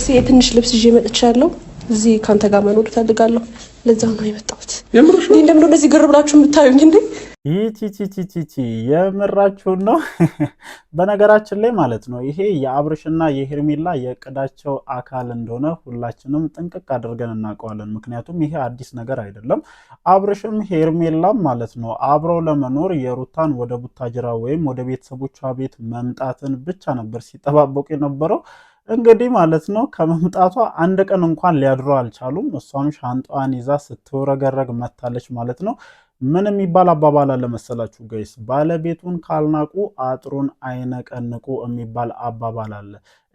ለጥርሴ የትንሽ ልብስ ይዤ መጥቻለሁ። እዚህ ከአንተ ጋር መኖር እፈልጋለሁ። ለዛ ነው የመጣሁት። እንደምን እንደዚህ ግር ብላችሁ የምታዩኝ እንዴ? ይቺቺቺቺቺ የምራችሁን ነው። በነገራችን ላይ ማለት ነው ይሄ የአብርሽና የሄርሜላ የእቅዳቸው አካል እንደሆነ ሁላችንም ጥንቅቅ አድርገን እናውቀዋለን። ምክንያቱም ይሄ አዲስ ነገር አይደለም። አብርሽም ሄርሜላም ማለት ነው አብረው ለመኖር የሩታን ወደ ቡታጅራ ወይም ወደ ቤተሰቦቿ ቤት መምጣትን ብቻ ነበር ሲጠባበቁ የነበረው። እንግዲህ ማለት ነው ከመምጣቷ አንድ ቀን እንኳን ሊያድሩ አልቻሉም። እሷም ሻንጣዋን ይዛ ስትወረገረግ መታለች ማለት ነው። ምን የሚባል አባባል አለ መሰላችሁ ባለቤቱን ካልናቁ አጥሩን አይነቀንቁ የሚባል አባባል አለ።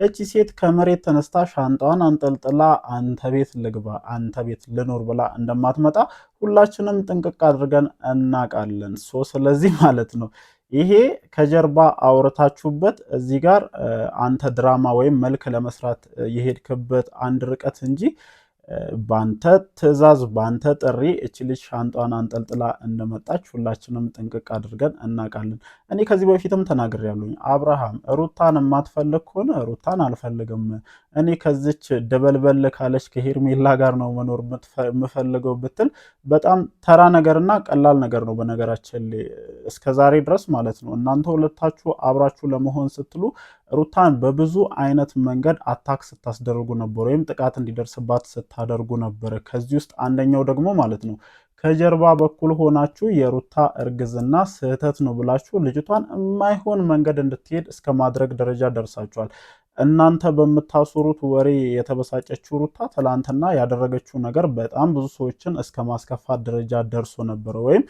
እቺ ሴት ከመሬት ተነስታ ሻንጣዋን አንጠልጥላ አንተ ቤት ልግባ፣ አንተ ቤት ልኖር ብላ እንደማትመጣ ሁላችንም ጥንቅቅ አድርገን እናቃለን። ሶ ስለዚህ ማለት ነው ይሄ ከጀርባ አውርታችሁበት እዚህ ጋር አንተ ድራማ ወይም መልክ ለመስራት የሄድክበት አንድ ርቀት እንጂ ባንተ ትዕዛዝ ባንተ ጥሪ እች ልጅ ሻንጧን አንጠልጥላ እንደመጣች ሁላችንም ጥንቅቅ አድርገን እናውቃለን። እኔ ከዚህ በፊትም ያሉኝ አብርሃም ሩታን የማትፈልግ ከሆነ ሩታን አልፈልግም፣ እኔ ከዚች ደበልበል ካለች ከሄርሜላ ጋር ነው መኖር የምፈልገው ብትል በጣም ተራ ነገርና ቀላል ነገር ነው። በነገራችን ላይ እስከ ዛሬ ድረስ ማለት ነው እናንተ ሁለታችሁ አብራችሁ ለመሆን ስትሉ ሩታን በብዙ አይነት መንገድ አታክ ስታስደርጉ ነበር፣ ወይም ጥቃት እንዲደርስባት ስታደርጉ ነበረ። ከዚህ ውስጥ አንደኛው ደግሞ ማለት ነው ከጀርባ በኩል ሆናችሁ የሩታ እርግዝና ስህተት ነው ብላችሁ ልጅቷን የማይሆን መንገድ እንድትሄድ እስከ ማድረግ ደረጃ ደርሳችኋል። እናንተ በምታስሩት ወሬ የተበሳጨችው ሩታ ትላንትና ያደረገችው ነገር በጣም ብዙ ሰዎችን እስከ ማስከፋት ደረጃ ደርሶ ነበረ ወይም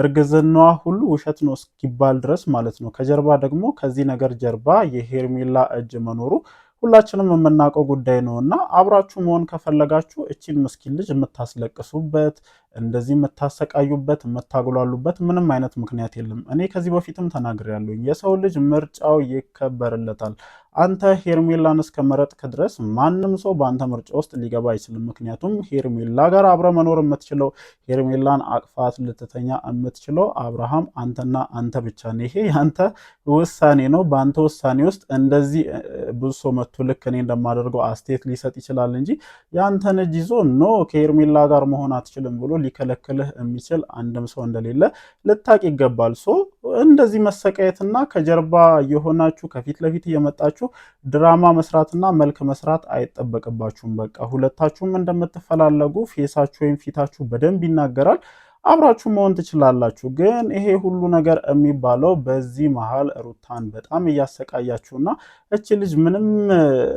እርግዝናዋ ሁሉ ውሸት ነው እስኪባል ድረስ ማለት ነው። ከጀርባ ደግሞ ከዚህ ነገር ጀርባ የሄርሜላ እጅ መኖሩ ሁላችንም የምናውቀው ጉዳይ ነው እና አብራችሁ መሆን ከፈለጋችሁ እቺን ምስኪን ልጅ የምታስለቅሱበት እንደዚህ የምታሰቃዩበት የምታጉላሉበት ምንም አይነት ምክንያት የለም። እኔ ከዚህ በፊትም ተናግሬያለሁ። የሰው ልጅ ምርጫው ይከበርለታል። አንተ ሄርሜላን እስከ መረጥክ ድረስ ማንም ሰው በአንተ ምርጫ ውስጥ ሊገባ አይችልም። ምክንያቱም ሄርሜላ ጋር አብረ መኖር የምትችለው ሄርሜላን አቅፋት ልትተኛ የምትችለው አብርሃም አንተና አንተ ብቻ ነው። ይሄ የአንተ ውሳኔ ነው። በአንተ ውሳኔ ውስጥ እንደዚህ ብዙ ሰው መቶ ልክ እኔ እንደማደርገው አስተያየት ሊሰጥ ይችላል እንጂ የአንተን እጅ ይዞ ኖ ከሄርሜላ ጋር መሆን አትችልም ብሎ ሊከለክልህ የሚችል አንድም ሰው እንደሌለ ልታቅ ይገባል። ሶ እንደዚህ መሰቃየትና ከጀርባ የሆናችሁ ከፊት ለፊት እየመጣችሁ ድራማ መስራትና መልክ መስራት አይጠበቅባችሁም። በቃ ሁለታችሁም እንደምትፈላለጉ ፌሳችሁ ወይም ፊታችሁ በደንብ ይናገራል። አብራችሁ መሆን ትችላላችሁ። ግን ይሄ ሁሉ ነገር የሚባለው በዚህ መሀል ሩታን በጣም እያሰቃያችሁና እች ልጅ ምንም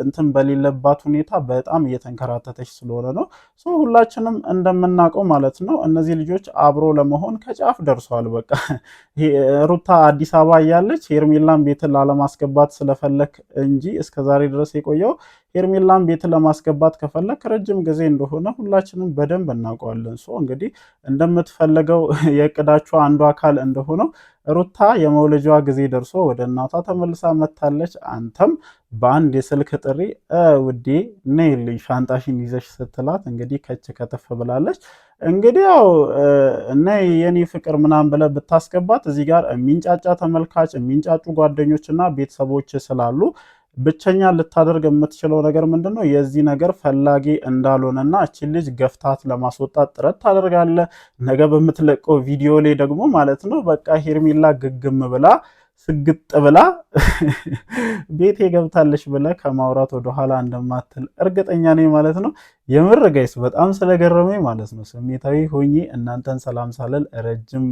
እንትን በሌለባት ሁኔታ በጣም እየተንከራተተች ስለሆነ ነው። ሰው ሁላችንም እንደምናውቀው ማለት ነው እነዚህ ልጆች አብሮ ለመሆን ከጫፍ ደርሰዋል። በቃ ሩታ አዲስ አበባ እያለች ሄርሜላን ቤትን ላለማስገባት ስለፈለክ እንጂ እስከዛሬ ድረስ የቆየው ሄርሜላን ቤት ለማስገባት ከፈለግ ረጅም ጊዜ እንደሆነ ሁላችንም በደንብ እናውቀዋለን። ሶ እንግዲህ እንደምትፈለገው የእቅዳችሁ አንዱ አካል እንደሆነው ሩታ የመውለጃዋ ጊዜ ደርሶ ወደ እናቷ ተመልሳ መታለች። አንተም በአንድ የስልክ ጥሪ ውዴ ነይልኝ ሻንጣሽን ይዘሽ ስትላት እንግዲህ ከች ከተፍ ብላለች። እንግዲህ ያው እነ የኔ ፍቅር ምናምን ብለህ ብታስገባት እዚህ ጋር የሚንጫጫ ተመልካች የሚንጫጩ ጓደኞችና ቤተሰቦች ስላሉ ብቸኛ ልታደርግ የምትችለው ነገር ምንድን ነው? የዚህ ነገር ፈላጊ እንዳልሆነና እቺ ልጅ ገፍታት ለማስወጣት ጥረት ታደርጋለ። ነገ በምትለቀው ቪዲዮ ላይ ደግሞ ማለት ነው በቃ ሄርሜላ ግግም ብላ ስግጥ ብላ ቤቴ ገብታለች ብለ ከማውራት ወደኋላ እንደማትል እርግጠኛ ነኝ ማለት ነው። የምር ጋይስ በጣም ስለገረመኝ ማለት ነው ስሜታዊ ሆኜ እናንተን ሰላም ሳለል ረጅም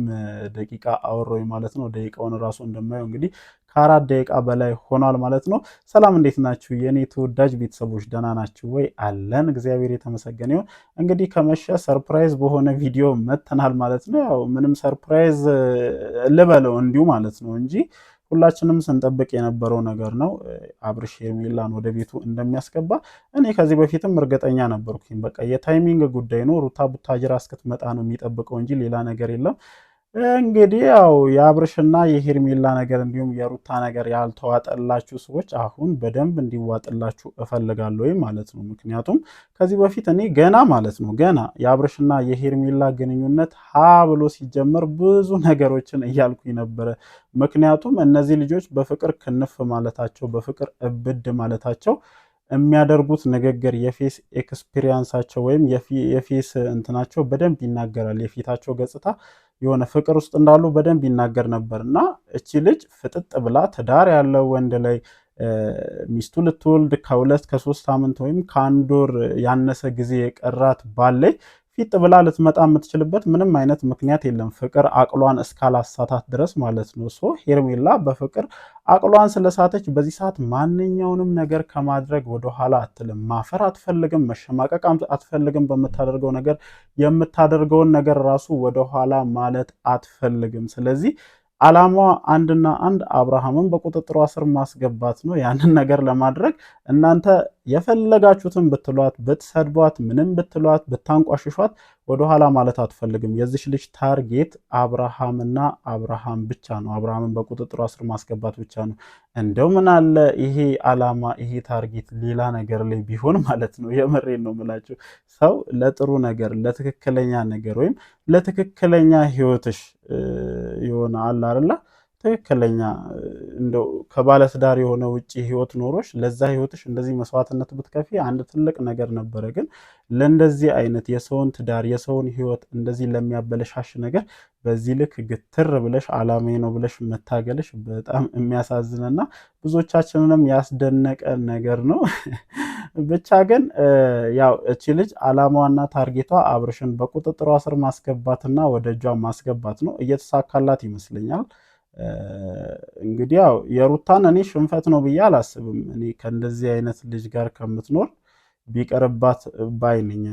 ደቂቃ አወሮኝ ማለት ነው። ደቂቃውን ራሱ እንደማየው እንግዲህ ከአራት ደቂቃ በላይ ሆኗል ማለት ነው። ሰላም እንዴት ናችሁ የኔ ተወዳጅ ቤተሰቦች፣ ደህና ናችሁ ወይ? አለን እግዚአብሔር የተመሰገነ ይሁን። እንግዲህ ከመሸ ሰርፕራይዝ በሆነ ቪዲዮ መተናል ማለት ነው። ያው ምንም ሰርፕራይዝ ልበለው እንዲሁ ማለት ነው እንጂ ሁላችንም ስንጠብቅ የነበረው ነገር ነው። አብርሽ ሄርሜላን ወደ ቤቱ እንደሚያስገባ እኔ ከዚህ በፊትም እርግጠኛ ነበርኩኝ። በቃ የታይሚንግ ጉዳይ ነው። ሩታ ቡታጅራ እስክትመጣ ነው የሚጠብቀው እንጂ ሌላ ነገር የለም። እንግዲህ ያው የአብርሽና የሄርሜላ ነገር እንዲሁም የሩታ ነገር ያልተዋጠላችሁ ሰዎች አሁን በደንብ እንዲዋጥላችሁ እፈልጋለሁ ማለት ነው። ምክንያቱም ከዚህ በፊት እኔ ገና ማለት ነው ገና የአብርሽና የሄርሜላ ግንኙነት ሀ ብሎ ሲጀመር ብዙ ነገሮችን እያልኩኝ ነበረ። ምክንያቱም እነዚህ ልጆች በፍቅር ክንፍ ማለታቸው፣ በፍቅር እብድ ማለታቸው የሚያደርጉት ንግግር የፌስ ኤክስፒሪያንሳቸው ወይም የፌስ እንትናቸው በደንብ ይናገራል። የፊታቸው ገጽታ የሆነ ፍቅር ውስጥ እንዳሉ በደንብ ይናገር ነበር እና እቺ ልጅ ፍጥጥ ብላ ትዳር ያለው ወንድ ላይ ሚስቱ ልትወልድ ከሁለት ከሶስት ሳምንት ወይም ከአንድ ወር ያነሰ ጊዜ የቀራት ባል ላይ ፊት ብላ ልትመጣ የምትችልበት ምንም አይነት ምክንያት የለም። ፍቅር አቅሏን እስካላሳታት ድረስ ማለት ነው። ሶ ሄርሜላ በፍቅር አቅሏን ስለሳተች በዚህ ሰዓት ማንኛውንም ነገር ከማድረግ ወደኋላ አትልም። ማፈር አትፈልግም፣ መሸማቀቅ አትፈልግም። በምታደርገው ነገር የምታደርገውን ነገር ራሱ ወደኋላ ማለት አትፈልግም። ስለዚህ አላማዋ አንድና አንድ አብርሃምን በቁጥጥሯ ስር ማስገባት ነው። ያንን ነገር ለማድረግ እናንተ የፈለጋችሁትን ብትሏት፣ ብትሰድቧት፣ ምንም ብትሏት፣ ብታንቋሽሿት ወደኋላ ማለት አትፈልግም። የዚች ልጅ ታርጌት አብርሃምና አብርሃም ብቻ ነው። አብርሃምን በቁጥጥሯ ስር ማስገባት ብቻ ነው። እንደው ምን አለ ይሄ አላማ ይሄ ታርጌት ሌላ ነገር ላይ ቢሆን ማለት ነው። የምሬን ነው የምላችሁ። ሰው ለጥሩ ነገር ለትክክለኛ ነገር ወይም ለትክክለኛ ህይወትሽ የሆነ አለ አይደለ ትክክለኛ እንደው ከባለትዳር የሆነ ውጭ ህይወት ኖሮች ለዛ ህይወትሽ እንደዚህ መስዋዕትነት ብትከፊ አንድ ትልቅ ነገር ነበረ። ግን ለእንደዚህ አይነት የሰውን ትዳር የሰውን ህይወት እንደዚህ ለሚያበለሻሽ ነገር በዚህ ልክ ግትር ብለሽ አላማዬ ነው ብለሽ መታገልሽ በጣም የሚያሳዝንና ብዙዎቻችንንም ያስደነቀ ነገር ነው። ብቻ ግን ያው እቺ ልጅ አላማዋና ታርጌቷ አብርሽን በቁጥጥሯ ስር ማስገባትና ወደ እጇ ማስገባት ነው። እየተሳካላት ይመስለኛል። እንግዲህ ያው የሩታን እኔ ሽንፈት ነው ብዬ አላስብም። እኔ ከእንደዚህ አይነት ልጅ ጋር ከምትኖር ቢቀርባት ባይ ነኝ።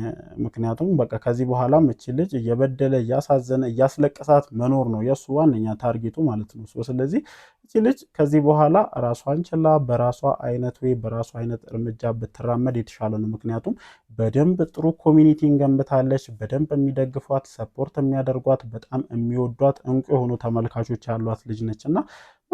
ምክንያቱም በቃ ከዚህ በኋላ እቺ ልጅ እየበደለ እያሳዘነ እያስለቀሳት መኖር ነው የእሱ ዋነኛ ታርጌቱ ማለት ነው። ስለዚህ እቺ ልጅ ከዚህ በኋላ ራሷን ችላ በራሷ አይነት ወይ በራሷ አይነት እርምጃ ብትራመድ የተሻለ ነው። ምክንያቱም በደንብ ጥሩ ኮሚኒቲን ገንብታለች። በደንብ የሚደግፏት ሰፖርት የሚያደርጓት በጣም የሚወዷት እንቁ የሆኑ ተመልካቾች ያሏት ልጅ ነች እና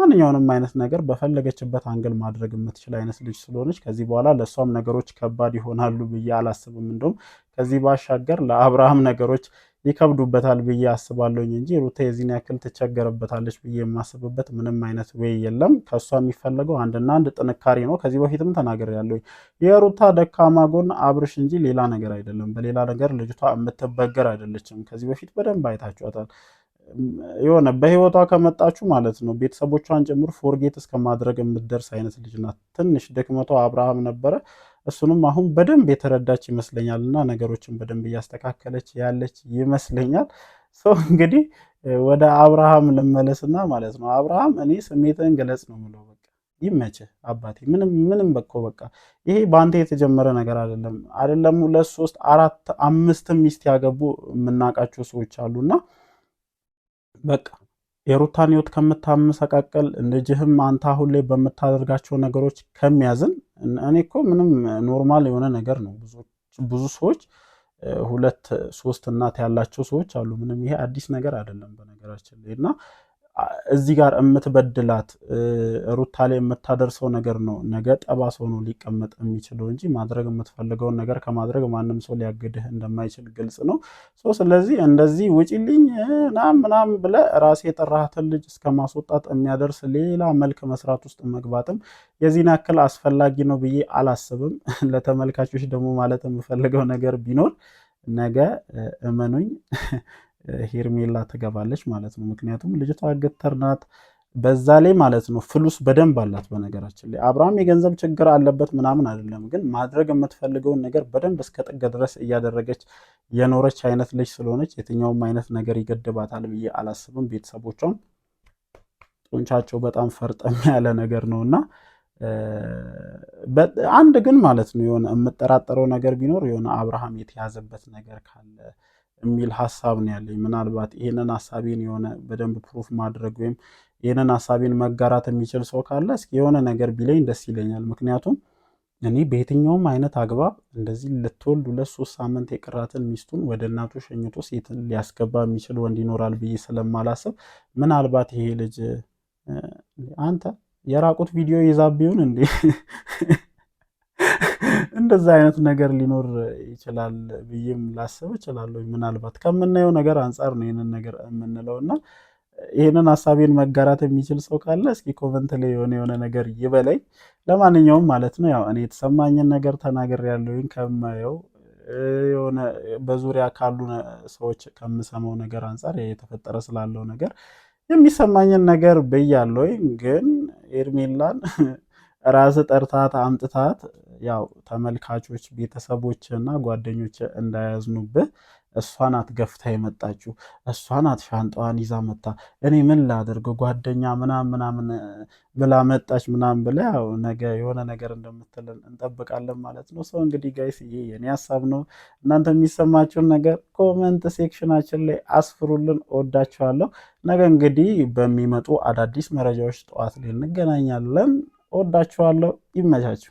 ማንኛውንም አይነት ነገር በፈለገችበት አንግል ማድረግ የምትችል አይነት ልጅ ስለሆነች ከዚህ በኋላ ለእሷም ነገሮች ከባድ ይሆናሉ ብዬ አላስብም። እንደውም ከዚህ ባሻገር ለአብርሃም ነገሮች ይከብዱበታል ብዬ አስባለሁኝ እንጂ ሩታ የዚህን ያክል ትቸገርበታለች ብዬ የማስብበት ምንም አይነት ወይ የለም። ከእሷ የሚፈለገው አንድና አንድ ጥንካሬ ነው። ከዚህ በፊትም ተናግሬያለሁ። የሩታ ደካማ ጎን አብርሽ እንጂ ሌላ ነገር አይደለም። በሌላ ነገር ልጅቷ የምትበገር አይደለችም። ከዚህ በፊት በደንብ አይታችኋታል። የሆነ በህይወቷ ከመጣችሁ ማለት ነው ቤተሰቦቿን ጭምር ፎርጌት እስከማድረግ የምትደርስ አይነት ልጅ ናት። ትንሽ ድክመቷ አብርሃም ነበረ። እሱንም አሁን በደንብ የተረዳች ይመስለኛል እና ነገሮችን በደንብ እያስተካከለች ያለች ይመስለኛል። ሰው እንግዲህ ወደ አብርሃም ልመለስና ማለት ነው አብርሃም እኔ ስሜትን ገለጽ ነው ምለው በቃ ይመችህ አባቴ። ምንም ምንም በኮ በቃ ይሄ በአንተ የተጀመረ ነገር አይደለም። አይደለም ሁለት ሶስት አራት አምስትም ሚስት ያገቡ የምናውቃቸው ሰዎች አሉና በቃ የሩታን ህይወት ከምታመሰቃቀል ልጅህም አንተ አሁን ላይ በምታደርጋቸው ነገሮች ከሚያዝን እኔ እኮ ምንም ኖርማል የሆነ ነገር ነው። ብዙ ሰዎች ሁለት ሶስት እናት ያላቸው ሰዎች አሉ። ምንም ይሄ አዲስ ነገር አይደለም በነገራችን ላይ እና እዚህ ጋር የምትበድላት ሩታ ላይ የምታደርሰው ነገር ነው ነገ ጠባሳ ሆኖ ሊቀመጥ የሚችለው እንጂ ማድረግ የምትፈልገውን ነገር ከማድረግ ማንም ሰው ሊያግድህ እንደማይችል ግልጽ ነው። ስለዚህ እንደዚህ ውጪልኝ ናም ምናም ብለ ራሴ የጠራህትን ልጅ እስከ ማስወጣት የሚያደርስ ሌላ መልክ መስራት ውስጥ መግባትም የዚህን ያክል አስፈላጊ ነው ብዬ አላስብም። ለተመልካቾች ደግሞ ማለት የምፈልገው ነገር ቢኖር ነገ እመኑኝ ሄርሜላ ትገባለች ማለት ነው። ምክንያቱም ልጅቷ ገተር ናት። በዛ ላይ ማለት ነው ፍሉስ በደንብ አላት። በነገራችን ላይ አብርሃም የገንዘብ ችግር አለበት ምናምን አይደለም፣ ግን ማድረግ የምትፈልገውን ነገር በደንብ እስከ ጥግ ድረስ እያደረገች የኖረች አይነት ልጅ ስለሆነች የትኛውም አይነት ነገር ይገድባታል ብዬ አላስብም። ቤተሰቦቿም ጡንቻቸው በጣም ፈርጠም ያለ ነገር ነው እና አንድ ግን ማለት ነው የሆነ የምጠራጠረው ነገር ቢኖር የሆነ አብርሃም የተያዘበት ነገር ካለ የሚል ሀሳብ ነው ያለኝ። ምናልባት ይህንን ሀሳቤን የሆነ በደንብ ፕሩፍ ማድረግ ወይም ይህንን ሀሳቤን መጋራት የሚችል ሰው ካለ እስኪ የሆነ ነገር ቢለኝ ደስ ይለኛል። ምክንያቱም እኔ በየትኛውም አይነት አግባብ እንደዚህ ልትወልድ ሁለት ሶስት ሳምንት የቀራትን ሚስቱን ወደ እናቱ ሸኝቶ ሴትን ሊያስገባ የሚችል ወንድ ይኖራል ብዬ ስለማላስብ ምናልባት ይሄ ልጅ አንተ የራቁት ቪዲዮ ይዛብህ እንዴ? እንደዛ አይነት ነገር ሊኖር ይችላል ብዬም ላስብ እችላለሁ። ምናልባት ከምናየው ነገር አንጻር ነው ይህንን ነገር የምንለው እና ይህንን ሀሳቤን መጋራት የሚችል ሰው ካለ እስኪ ኮመንት ላይ የሆነ የሆነ ነገር ይበለኝ። ለማንኛውም ማለት ነው ያው እኔ የተሰማኝን ነገር ተናግሬያለሁኝ። ከማየው የሆነ በዙሪያ ካሉ ሰዎች ከምሰማው ነገር አንጻር የተፈጠረ ስላለው ነገር የሚሰማኝን ነገር ብያለሁኝ። ግን ኤርሜላን ራስ ጠርታት አምጥታት ያው ተመልካቾች ቤተሰቦች እና ጓደኞች እንዳያዝኑብህ እሷ ናት ገፍታ የመጣችው። እሷ ናት ሻንጣዋን ይዛ መታ። እኔ ምን ላደርግ ጓደኛ ምናምን ምናምን ብላ መጣች ምናምን ብላ ያው ነገ የሆነ ነገር እንደምትል እንጠብቃለን ማለት ነው። ሰው እንግዲህ ጋይስ ይሄ የኔ ሀሳብ ነው። እናንተ የሚሰማችሁን ነገር ኮመንት ሴክሽናችን ላይ አስፍሩልን። ወዳቸዋለሁ ነገ እንግዲህ በሚመጡ አዳዲስ መረጃዎች ጠዋት ላይ እንገናኛለን። ወዳችኋለሁ። ይመቻችሁ።